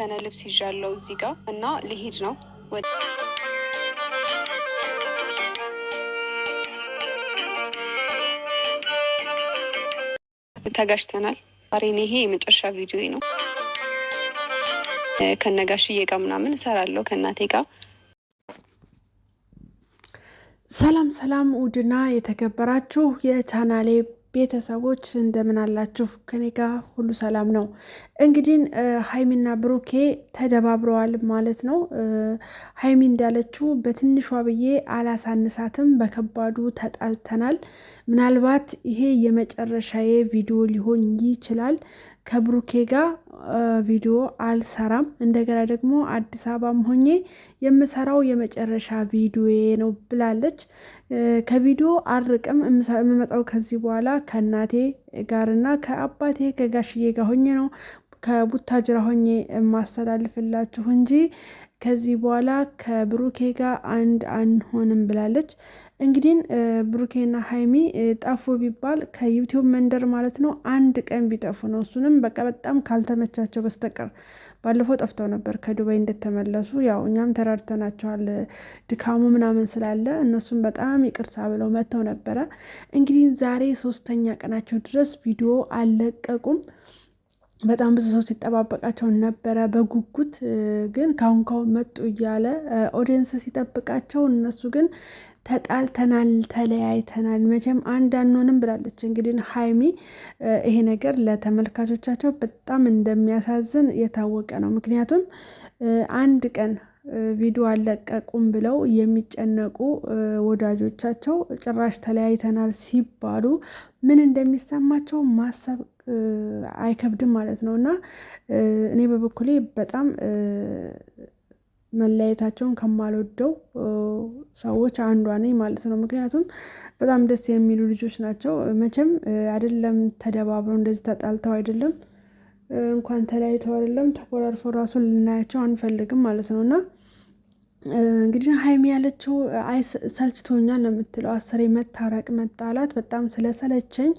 የተወሰነ ልብስ ይዣለው እዚህ ጋር እና ልሂድ ነው ወደ ተጋሽተናል። ዛሬ ይሄ የመጨረሻ ቪዲዮ ነው። ከነጋሽዬ ጋር ምናምን እሰራለሁ ከእናቴ ጋር ሰላም ሰላም። ውድና የተከበራችሁ የቻናሌ ቤተሰቦች እንደምን አላችሁ? ከኔ ጋር ሁሉ ሰላም ነው። እንግዲህ ሀይሚና ብሩኬ ተደባብረዋል ማለት ነው። ሀይሚ እንዳለችው በትንሿ ብዬ አላሳንሳትም፣ በከባዱ ተጣልተናል። ምናልባት ይሄ የመጨረሻዬ ቪዲዮ ሊሆን ይችላል ከብሩኬ ጋር ቪዲዮ አልሰራም። እንደገና ደግሞ አዲስ አበባም ሆኜ የምሰራው የመጨረሻ ቪዲዮ ነው ብላለች። ከቪዲዮ አርቅም የምመጣው ከዚህ በኋላ ከእናቴ ጋርና ከአባቴ ከጋሽዬ ጋር ሆኜ ነው ከቡታጅራ ሆኜ የማስተላልፍላችሁ እንጂ ከዚህ በኋላ ከብሩኬ ጋር አንድ አንሆንም ብላለች። እንግዲህ ብሩኬና ሀይሚ ጠፉ ቢባል ከዩቲዩብ መንደር ማለት ነው አንድ ቀን ቢጠፉ ነው። እሱንም በቃ በጣም ካልተመቻቸው በስተቀር ባለፈው ጠፍተው ነበር ከዱባይ እንደተመለሱ ያው እኛም ተራድተናቸዋል ድካሙ ምናምን ስላለ እነሱም በጣም ይቅርታ ብለው መጥተው ነበረ። እንግዲህ ዛሬ ሶስተኛ ቀናቸው ድረስ ቪዲዮ አልለቀቁም። በጣም ብዙ ሰው ሲጠባበቃቸው ነበረ በጉጉት ግን ካሁን ካሁን መጡ እያለ ኦዲየንስ ሲጠብቃቸው እነሱ ግን ተጣልተናል፣ ተለያይተናል፣ መቼም አንድ አንሆንም ብላለች። እንግዲህ ሀይሚ ይሄ ነገር ለተመልካቾቻቸው በጣም እንደሚያሳዝን የታወቀ ነው። ምክንያቱም አንድ ቀን ቪዲዮ አለቀቁም ብለው የሚጨነቁ ወዳጆቻቸው ጭራሽ ተለያይተናል ሲባሉ ምን እንደሚሰማቸው ማሰብ አይከብድም ማለት ነው እና እኔ በበኩሌ በጣም መለያየታቸውን ከማልወደው ሰዎች አንዷ ነኝ ማለት ነው። ምክንያቱም በጣም ደስ የሚሉ ልጆች ናቸው። መቼም አይደለም ተደባብረው እንደዚህ ተጣልተው አይደለም እንኳን ተለያይተው አይደለም ተኮራርፈው ራሱ ልናያቸው አንፈልግም ማለት ነው እና እንግዲህ ሀይሚ ያለችው ሰልችቶኛል ነው የምትለው። አስሬ መታረቅ መጣላት በጣም ስለሰለቸኝ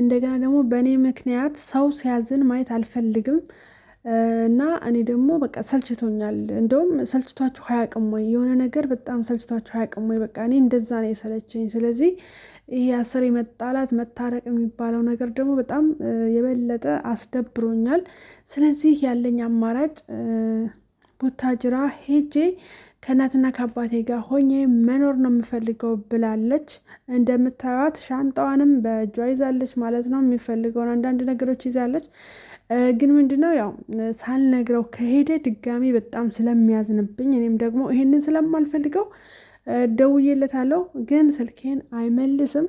እንደገና ደግሞ በእኔ ምክንያት ሰው ሲያዝን ማየት አልፈልግም እና እኔ ደግሞ በቃ ሰልችቶኛል። እንደውም ሰልችቷችሁ አያውቅም ወይ? የሆነ ነገር በጣም ሰልችቷችሁ አያውቅም ወይ? በቃ እኔ እንደዛ ነው የሰለቸኝ። ስለዚህ ይህ አስሬ መጣላት መታረቅ የሚባለው ነገር ደግሞ በጣም የበለጠ አስደብሮኛል። ስለዚህ ያለኝ አማራጭ ቡታጅራ ሄጄ ከእናትና ከአባቴ ጋር ሆኜ መኖር ነው የምፈልገው ብላለች። እንደምታዩት ሻንጣዋንም በእጇ ይዛለች ማለት ነው። የሚፈልገውን አንዳንድ ነገሮች ይዛለች። ግን ምንድነው ያው ሳልነግረው ከሄደ ድጋሚ በጣም ስለሚያዝንብኝ እኔም ደግሞ ይሄንን ስለማልፈልገው ደውዬለታለሁ፣ ግን ስልኬን አይመልስም።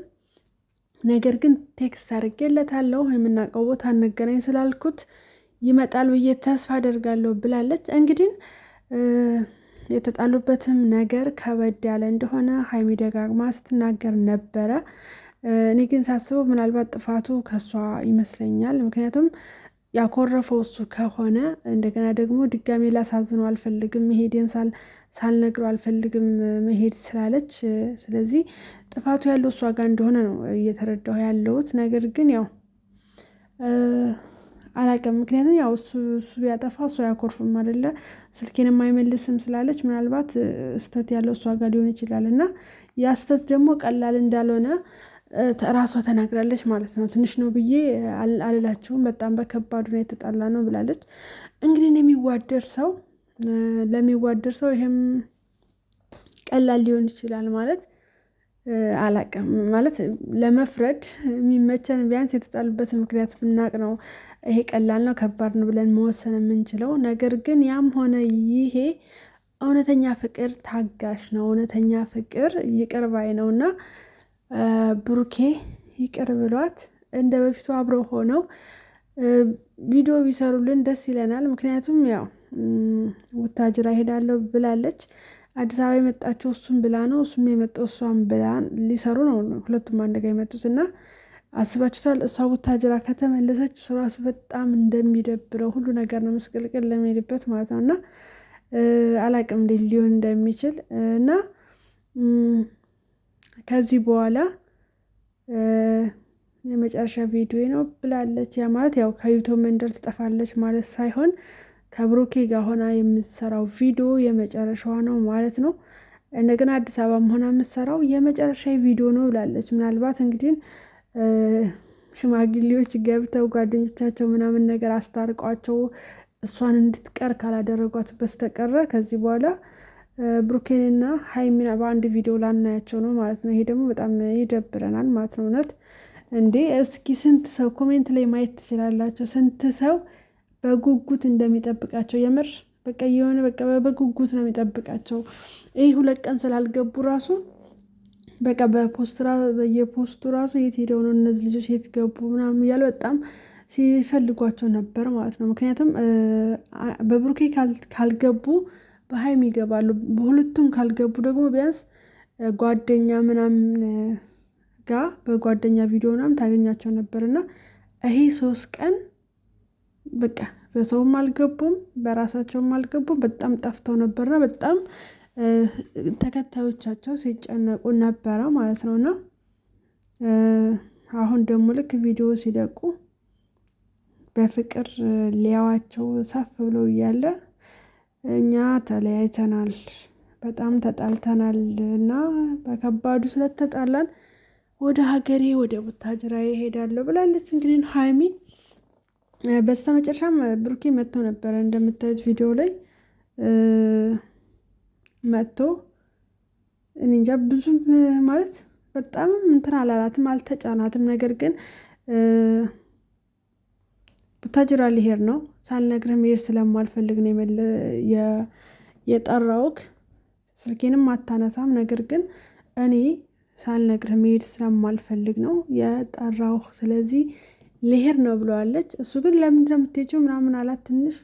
ነገር ግን ቴክስት አድርጌለታለሁ የምናውቀው ቦታ እንገናኝ ስላልኩት ይመጣል ብዬ ተስፋ አደርጋለሁ ብላለች። እንግዲህ የተጣሉበትም ነገር ከበድ ያለ እንደሆነ ሀይሚ ደጋግማ ስትናገር ነበረ። እኔ ግን ሳስበው ምናልባት ጥፋቱ ከሷ ይመስለኛል ምክንያቱም ያኮረፈው እሱ ከሆነ እንደገና ደግሞ ድጋሜ ላሳዝነው አልፈልግም፣ መሄድን ሳልነግረው አልፈልግም መሄድ ስላለች፣ ስለዚህ ጥፋቱ ያለው እሷ ጋር እንደሆነ ነው እየተረዳሁ ያለሁት። ነገር ግን ያው አላውቅም። ምክንያቱም ያው እሱ ቢያጠፋ እሱ ያኮርፍም አይደለ? ስልኬን የማይመልስም ስላለች ምናልባት ስህተት ያለው እሷ ጋር ሊሆን ይችላል እና ያ ስህተት ደግሞ ቀላል እንዳልሆነ ራሷ ተናግራለች ማለት ነው። ትንሽ ነው ብዬ አልላችሁም፣ በጣም በከባዱ ነው የተጣላ ነው ብላለች። እንግዲህ የሚዋደር ሰው ለሚዋደር ሰው ይሄም ቀላል ሊሆን ይችላል ማለት አላቅም ማለት ለመፍረድ የሚመቸን ቢያንስ የተጣሉበት ምክንያት ብናቅ ነው። ይሄ ቀላል ነው ከባድ ነው ብለን መወሰን የምንችለው ነገር ግን ያም ሆነ ይሄ እውነተኛ ፍቅር ታጋሽ ነው። እውነተኛ ፍቅር ይቅር ባይ ነው እና ብሩኬ ይቅር ብሏት እንደ በፊቱ አብረው ሆነው ቪዲዮ ቢሰሩልን ደስ ይለናል። ምክንያቱም ያው ውታጅራ ሄዳለሁ ብላለች። አዲስ አበባ የመጣቸው እሱም ብላ ነው፣ እሱም የመጣው እሷም ብላ ሊሰሩ ነው ሁለቱም አንድ የመጡት እና አስባችሁታል። እሷ ውታጅራ ከተመለሰች ስራሱ በጣም እንደሚደብረው ሁሉ ነገር ነው ምስቅልቅል ለመሄድበት ማለት ነው እና አላቅም እንዴት ሊሆን እንደሚችል እና ከዚህ በኋላ የመጨረሻ ቪዲዮ ነው ብላለች። ያ ማለት ያው ከዩቱብ መንደር ትጠፋለች ማለት ሳይሆን ከብሩኬ ጋር ሆና የምትሰራው ቪዲዮ የመጨረሻዋ ነው ማለት ነው። እንደገና አዲስ አበባም ሆና የምትሰራው የመጨረሻ ቪዲዮ ነው ብላለች። ምናልባት እንግዲህ ሽማግሌዎች ገብተው ጓደኞቻቸው ምናምን ነገር አስታርቋቸው እሷን እንድትቀር ካላደረጓት በስተቀረ ከዚህ በኋላ ብሩኬን እና ሀይሚን በአንድ ቪዲዮ ላናያቸው ነው ማለት ነው። ይሄ ደግሞ በጣም ይደብረናል ማለት ነው። እውነት እንዴ! እስኪ ስንት ሰው ኮሜንት ላይ ማየት ትችላላቸው። ስንት ሰው በጉጉት እንደሚጠብቃቸው የምር በቃ የሆነ በቃ በጉጉት ነው የሚጠብቃቸው። ይህ ሁለት ቀን ስላልገቡ ራሱ በቃ የፖስቱ ራሱ የት ሄደው ነው እነዚህ ልጆች የት ገቡ ምናምን እያለ በጣም ሲፈልጓቸው ነበር ማለት ነው። ምክንያቱም በብሩኬ ካልገቡ በሀይም ይገባሉ። በሁለቱም ካልገቡ ደግሞ ቢያንስ ጓደኛ ምናምን ጋ በጓደኛ ቪዲዮ ምናምን ታገኛቸው ነበር እና ይሄ ሶስት ቀን በቃ በሰውም አልገቡም በራሳቸውም አልገቡም። በጣም ጠፍተው ነበርና በጣም ተከታዮቻቸው ሲጨነቁ ነበረ ማለት ነው እና አሁን ደግሞ ልክ ቪዲዮ ሲለቁ በፍቅር ሊያዋቸው ሰፍ ብለው እያለ እኛ ተለያይተናል በጣም ተጣልተናል እና በከባዱ ስለተጣላን ወደ ሀገሬ ወደ ቡታጅራ ይሄዳለሁ ብላለች። እንግዲህ ሀይሚ መጨረሻም ብሩኬ መጥቶ ነበረ እንደምታዩት ቪዲዮ ላይ መጥቶ እኔ እንጃ ብዙም ማለት በጣም እንትን አላላትም አልተጫናትም ነገር ግን ቡታጅራ ሊሄድ ነው ሳልነግርህ መሄድ ስለማልፈልግ ነው የጠራውክ። ስልኬንም አታነሳም። ነገር ግን እኔ ሳልነግርህ መሄድ ስለማልፈልግ ነው የጠራውህ። ስለዚህ ልሄድ ነው ብለዋለች። እሱ ግን ለምንድን ነው የምትሄጂው ምናምን አላት ትንሽ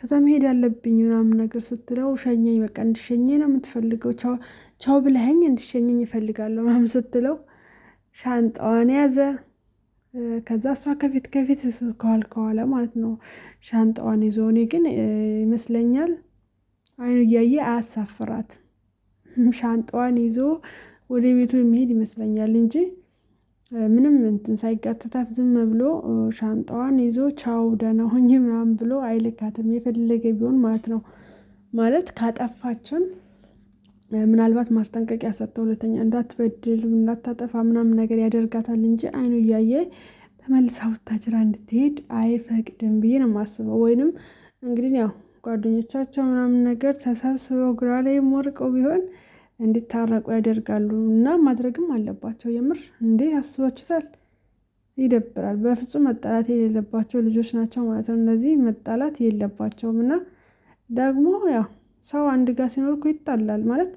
ከዛ መሄድ ያለብኝ ምናምን ነገር ስትለው ሸኘኝ፣ በቃ እንድሸኘኝ ነው የምትፈልገው፣ ቻው ብለኸኝ እንድሸኘኝ ይፈልጋለሁ ምናምን ስትለው ሻንጣዋን ያዘ። ከዛ እሷ ከፊት ከፊት ከኋል ከኋላ ማለት ነው ሻንጣዋን ይዞ። እኔ ግን ይመስለኛል አይኑ እያየ አያሳፍራት ሻንጣዋን ይዞ ወደ ቤቱ የሚሄድ ይመስለኛል እንጂ ምንም እንትን ሳይጋተታት ዝም ብሎ ሻንጣዋን ይዞ ቻው ደህና ሁኚ ምናምን ብሎ አይልካትም። የፈለገ ቢሆን ማለት ነው ማለት ካጠፋችን ምናልባት ማስጠንቀቂያ ሰጥተው ሁለተኛ እንዳትበድል እንዳታጠፋ ምናምን ነገር ያደርጋታል እንጂ አይኑ እያየ ተመልሳ ወታጅራ እንድትሄድ አይፈቅድም ብዬ ነው የማስበው። ወይንም እንግዲህ ያው ጓደኞቻቸው ምናምን ነገር ተሰብስበው ግራ ላይ ወርቀው ቢሆን እንዲታረቁ ያደርጋሉ እና ማድረግም አለባቸው። የምር እንዴ አስባችሁታል? ይደብራል። በፍጹም መጣላት የሌለባቸው ልጆች ናቸው ማለት ነው። እነዚህ መጣላት የለባቸውም እና ደግሞ ያው ሰው አንድ ጋር ሲኖር እኮ ይጣላል ማለት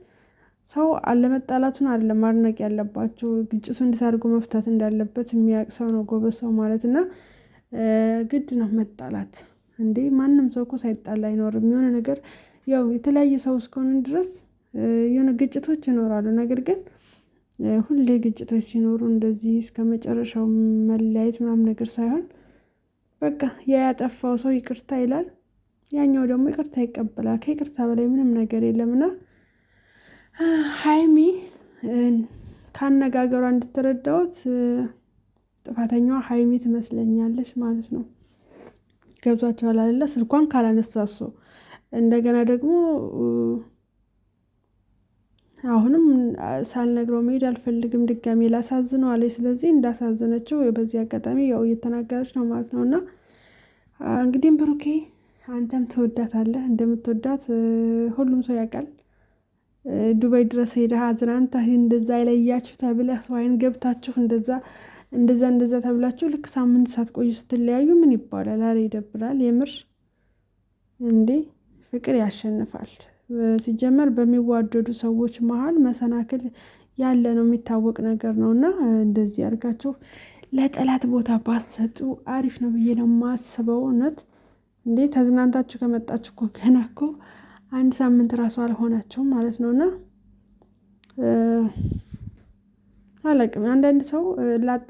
ሰው አለመጣላቱን አለ ማድነቅ ያለባቸው ግጭቱ እንዴት አድርጎ መፍታት እንዳለበት የሚያውቅ ሰው ነው ጎበዝ ሰው ማለት እና ግድ ነው መጣላት እንዴ ማንም ሰው እኮ ሳይጣላ አይኖርም። የሆነ ነገር ያው የተለያየ ሰው እስከሆንን ድረስ የሆነ ግጭቶች ይኖራሉ። ነገር ግን ሁሌ ግጭቶች ሲኖሩ እንደዚህ እስከ መጨረሻው መለያየት ምናምን ነገር ሳይሆን በቃ ያ ያጠፋው ሰው ይቅርታ ይላል። ያኛው ደግሞ ይቅርታ ይቀበላል። ከይቅርታ በላይ ምንም ነገር የለምና ሀይሚ ካነጋገሯ እንድትረዳውት ጥፋተኛዋ ሀይሚ ትመስለኛለች ማለት ነው። ገብቷቸዋል አይደለ? ስልኳን ካላነሳሱ እንደገና ደግሞ አሁንም ሳልነግረው መሄድ አልፈልግም፣ ድጋሜ ላሳዝነው አለች። ስለዚህ እንዳሳዘነችው በዚህ አጋጣሚ ያው እየተናገረች ነው ማለት ነው እና እንግዲህም ብሩኬ አንተም ትወዳታለህ። እንደምትወዳት ሁሉም ሰው ያውቃል። ዱባይ ድረስ ሄደህ አዝናንተህ እንደዛ ይለያችሁ ተብለህ ሰው አይን ገብታችሁ እንደዛ እንደዛ እንደዛ ተብላችሁ ልክ ሳምንት ሳትቆዩ ስትለያዩ ምን ይባላል? አረ ይደብራል። የምር እንዴ ፍቅር ያሸንፋል። ሲጀመር በሚዋደዱ ሰዎች መሀል መሰናክል ያለ ነው የሚታወቅ ነገር ነው። እና እንደዚህ አድርጋችሁ ለጠላት ቦታ ባትሰጡ አሪፍ ነው ብዬ ነው የማስበው እውነት እንዴ ተዝናንታችሁ ከመጣችሁ እኮ ገና እኮ አንድ ሳምንት ራሱ አልሆናቸውም ማለት ነው። እና አላቅም አንዳንድ ሰው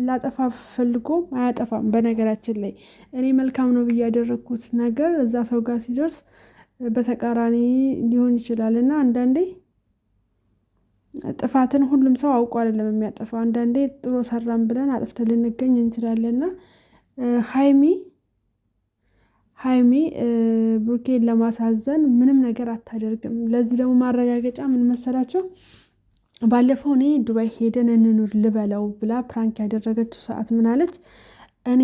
ላጠፋ ፈልጎ አያጠፋም። በነገራችን ላይ እኔ መልካም ነው ብዬ ያደረግኩት ነገር እዛ ሰው ጋር ሲደርስ በተቃራኒ ሊሆን ይችላል። እና አንዳንዴ ጥፋትን ሁሉም ሰው አውቆ አይደለም የሚያጠፋው። አንዳንዴ ጥሩ ሰራን ብለን አጥፍተን ልንገኝ እንችላለንና ሀይሚ ሀይሚ ብሩኬን ለማሳዘን ምንም ነገር አታደርግም። ለዚህ ደግሞ ማረጋገጫ ምን መሰላቸው? ባለፈው እኔ ዱባይ ሄደን እንኑር ልበለው ብላ ፕራንክ ያደረገችው ሰዓት ምናለች? እኔ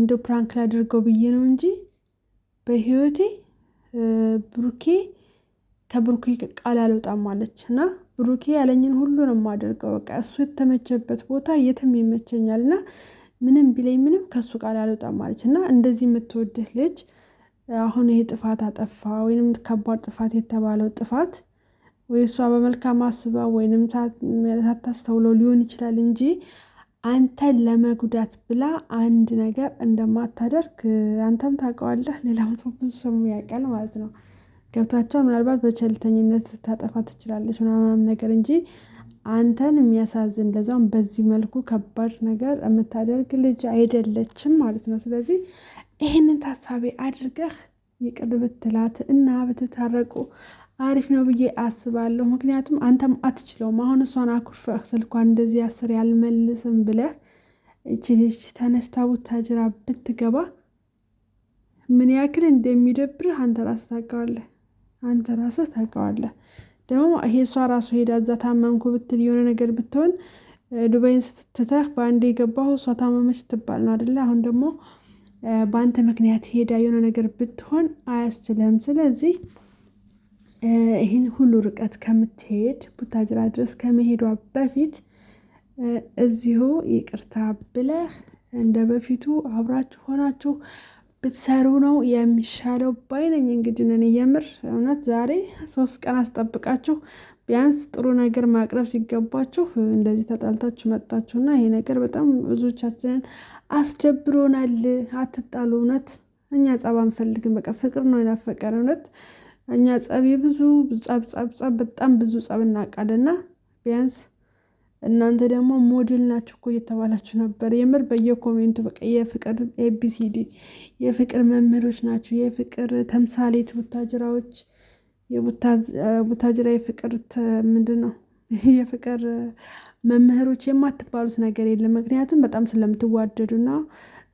እንደ ፕራንክ ላደርገው ብዬ ነው እንጂ በህይወቴ ብሩኬ ከብሩኬ ቃል አልወጣም አለች እና ብሩኬ ያለኝን ሁሉ ነው የማደርገው። በቃ እሱ የተመቸበት ቦታ የትም ይመቸኛል እና ምንም ቢለኝ ምንም ከሱ ቃል አልወጣም አለች እና እንደዚህ የምትወድህ ልጅ አሁን ይሄ ጥፋት አጠፋ ወይንም ከባድ ጥፋት የተባለው ጥፋት ወይ እሷ በመልካም አስባ ወይንም ሳታስተውለው ሊሆን ይችላል እንጂ አንተን ለመጉዳት ብላ አንድ ነገር እንደማታደርግ አንተም ታውቀዋለህ፣ ሌላ ሰው ብዙ ሰው ያውቃል ማለት ነው። ገብቷቸዋል። ምናልባት በቸልተኝነት ታጠፋ ትችላለች ምናምን ነገር እንጂ አንተን የሚያሳዝን ለዛውም በዚህ መልኩ ከባድ ነገር የምታደርግ ልጅ አይደለችም ማለት ነው። ስለዚህ ይህንን ታሳቢ አድርገህ ይቅር ብትላት እና ብትታረቁ አሪፍ ነው ብዬ አስባለሁ። ምክንያቱም አንተም አትችለውም። አሁን እሷን አኩርፈህ ስልኳን እንደዚህ አስር ያልመልስም ብለህ እቺ ልጅ ተነስታ ቡታጅራ ብትገባ ምን ያክል እንደሚደብርህ አንተ ራስህ ታውቀዋለህ። አንተ ራስህ ታውቀዋለህ። ደግሞ ይሄ እሷ ራሱ ሄዳ እዛ ታመምኩ ብትል የሆነ ነገር ብትሆን ዱባይን ስትተህ በአንድ የገባሁ እሷ ታመመች ትባል ነው አደለ? አሁን ደግሞ በአንተ ምክንያት ሄዳ የሆነ ነገር ብትሆን አያስችለም ስለዚህ ይህን ሁሉ ርቀት ከምትሄድ ቡታጅራ ድረስ ከመሄዷ በፊት እዚሁ ይቅርታ ብለህ እንደ በፊቱ አብራችሁ ሆናችሁ ብትሰሩ ነው የሚሻለው ባይነኝ። እንግዲህ ነን የምር እውነት ዛሬ ሶስት ቀን አስጠብቃችሁ ቢያንስ ጥሩ ነገር ማቅረብ ሲገባችሁ እንደዚህ ተጣልታችሁ መጣችሁና ይሄ ነገር በጣም ብዙዎቻችንን አስደብሮናል። አትጣሉ፣ እውነት እኛ ጸብ አንፈልግም። በቃ ፍቅር ነው የናፈቀን እውነት። እኛ ጸብ ብዙ ጸብ ጸብ ጸብ በጣም ብዙ ጸብ እናቃልና ቢያንስ እናንተ ደግሞ ሞዴል ናችሁ እኮ እየተባላችሁ ነበር። የምር በየኮሜንቱ በቃ የፍቅር ኤቢሲዲ የፍቅር መምህሮች ናችሁ፣ የፍቅር ተምሳሌት ቡታጅራዎች፣ ቡታጅራ የፍቅር ምንድን ነው የፍቅር መምህሮች የማትባሉት ነገር የለም። ምክንያቱም በጣም ስለምትዋደዱና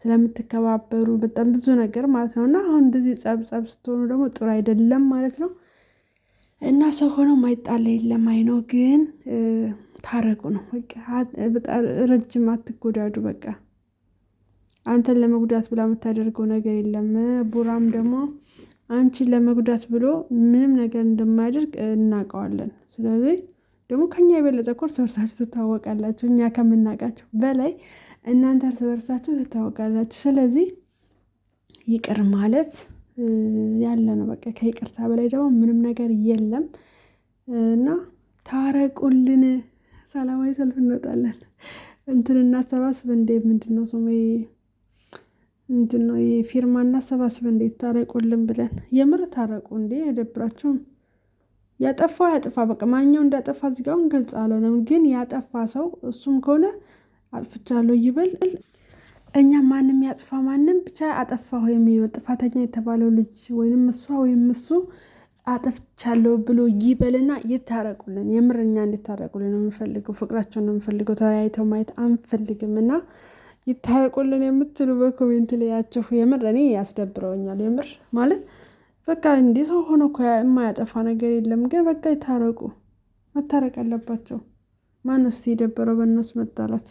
ስለምትከባበሩ በጣም ብዙ ነገር ማለት ነው። እና አሁን እንደዚህ ጸብጸብ ስትሆኑ ደግሞ ጥሩ አይደለም ማለት ነው። እና ሰው ሆኖ ማይጣለ የለም። አይ ነው ግን ታረቁ ነው በቃ። ረጅም አትጎዳዱ በቃ። አንተን ለመጉዳት ብላ የምታደርገው ነገር የለም። ቡራም ደግሞ አንቺን ለመጉዳት ብሎ ምንም ነገር እንደማያደርግ እናውቀዋለን። ስለዚህ ደግሞ ከኛ የበለጠ እኮ እርስ በርሳችሁ ትታወቃላችሁ። እኛ ከምናውቃችሁ በላይ እናንተ እርስ በርሳችሁ ትታወቃላችሁ። ስለዚህ ይቅር ማለት ያለ ነው በቃ። ከይቅርታ በላይ ደግሞ ምንም ነገር የለም እና ታረቁልን። ሰላማዊ ሰልፍ እንወጣለን። እንትን እናሰባስብ እንዴ ምንድን ነው ስሙ? ምንድን ነው ይሄ ፊርማ እናሰባስብ እንዴ ታረቁልን ብለን። የምር ታረቁ እንዴ አይደብራችሁም? ያጠፋ ያጥፋ፣ በቃ ማንኛው እንዳጠፋ እዚጋውን ግልጽ አልሆነም ግን ያጠፋ ሰው እሱም ከሆነ አጥፍቻለሁ ይበል። እኛ ማንም ያጥፋ ማንም ብቻ አጠፋሁ የሚበል ጥፋተኛ የተባለው ልጅ ወይም እሷ ወይም እሱ አጥፍቻለሁ ብሎ ይበልና ይታረቁልን። የምርኛ እንዲታረቁልን ነው የምንፈልገው፣ ፍቅራቸውን ነው የምንፈልገው። ተለያይተው ማየት አንፈልግም እና ይታረቁልን የምትሉ በኮሜንት ላያችሁ የምር እኔ ያስደብረውኛል። የምር ማለት በቃ እንዲህ ሰው ሆኖ እኮ የማያጠፋ ነገር የለም፣ ግን በቃ ይታረቁ። መታረቅ አለባቸው። ማነው እስኪ የደበረው በእነሱ መጣላት?